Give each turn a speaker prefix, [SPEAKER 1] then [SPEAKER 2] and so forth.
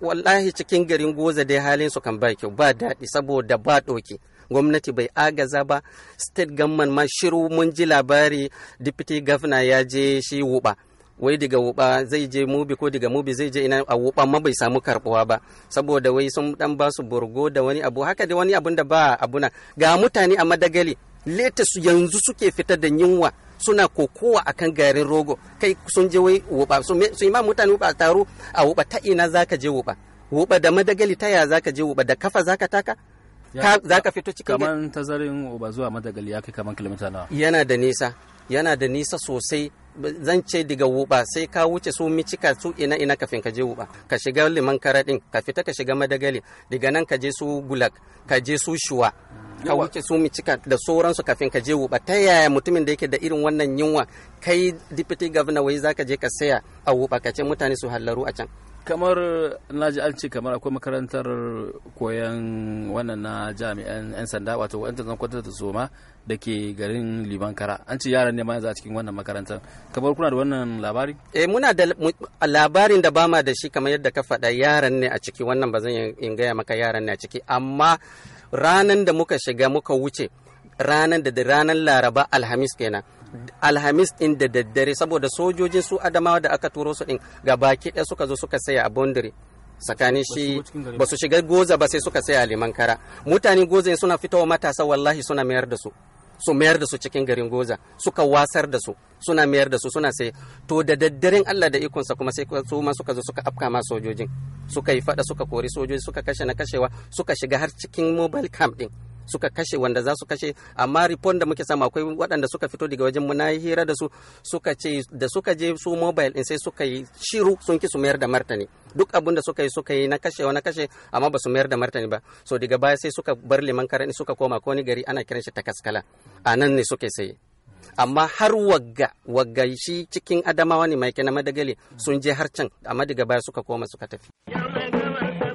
[SPEAKER 1] wallahi cikin garin goza dai halin su kan ba kyau ba daɗi saboda ba ɗoki gwamnati bai agaza ba state government ma shiru mun ji labari deputy governor ya je shi wuba wai daga wuba zai je mubi ko daga mubi zai je ina a wuba ma bai samu karbuwa ba saboda wai sun dan ba su burgo da wani abu haka da wani abun da ba abuna ga mutane a madagali leta yanzu suke fita da yunwa suna kokowa akan garin rogo kai sun je wai wuba sun yi ma mutane wuba taro a wuba ta ina zaka je wuba wuba da madagali ta ya zaka je wuba da kafa zaka taka za ka fito cikin kaman
[SPEAKER 2] tazarin wuba zuwa madagali ya kai kaman kilomita nawa
[SPEAKER 1] yana da nisa yana da nisa sosai zan ce daga wuba sai ka wuce su micika su ina ina kafin ka je wuba ka shiga liman karaɗin ka fita ka shiga madagali daga nan ka je su gulak ka je su shuwa ka wuce su mi cika da sauransu kafin ka je wuba ta yaya mutumin da yake da irin wannan yunwa kai deputy governor wai zaka je ka saya a wubakacin mutane su hallaru a can
[SPEAKER 2] kamar na ji an ce kamar akwai makarantar koyon wannan na jami'an 'yan sanda wato wanda zan kwatar da soma da ke garin liban kara an ce yaran ne ma yanzu a cikin wannan makarantar
[SPEAKER 1] kamar kuna da wannan labari eh muna da labarin da bama da shi kamar yadda ka faɗa yaran ne a ciki wannan ba zan in gaya maka yaran ne a ciki amma ranan da muka shiga muka wuce ranan da ranan laraba alhamis kenan alhamis din da daddare saboda sojojin su adamawa da aka turo su din ga baki ɗaya suka zo suka saya a boundary tsakanin shi ba su shiga goza ba sai suka saya a liman kara mutanen goza suna fitowa matasa wallahi suna mayar da su su mayar da su cikin garin goza suka wasar da su suna mayar da su suna sai to da daddaren Allah da ikonsa kuma sai su ma suka zo suka afka ma sojojin suka yi fada suka kori sojoji suka kashe na kashewa suka shiga har cikin mobile camp din suka kashe wanda za su kashe amma ripon da muke samu akwai waɗanda suka fito daga wajen mu na yi hira da su suka ce da suka je su mobile din sai suka yi shiru sun ki su mayar da martani duk abin da suka yi suka yi na kashe na kashe amma ba su mayar da martani ba so daga baya sai suka bar liman karani suka koma ko ni gari ana kiran shi takaskala a nan ne suke sai amma har wagga wagga shi cikin adamawa ne mai kenan madagali sun je har can amma daga baya suka koma suka tafi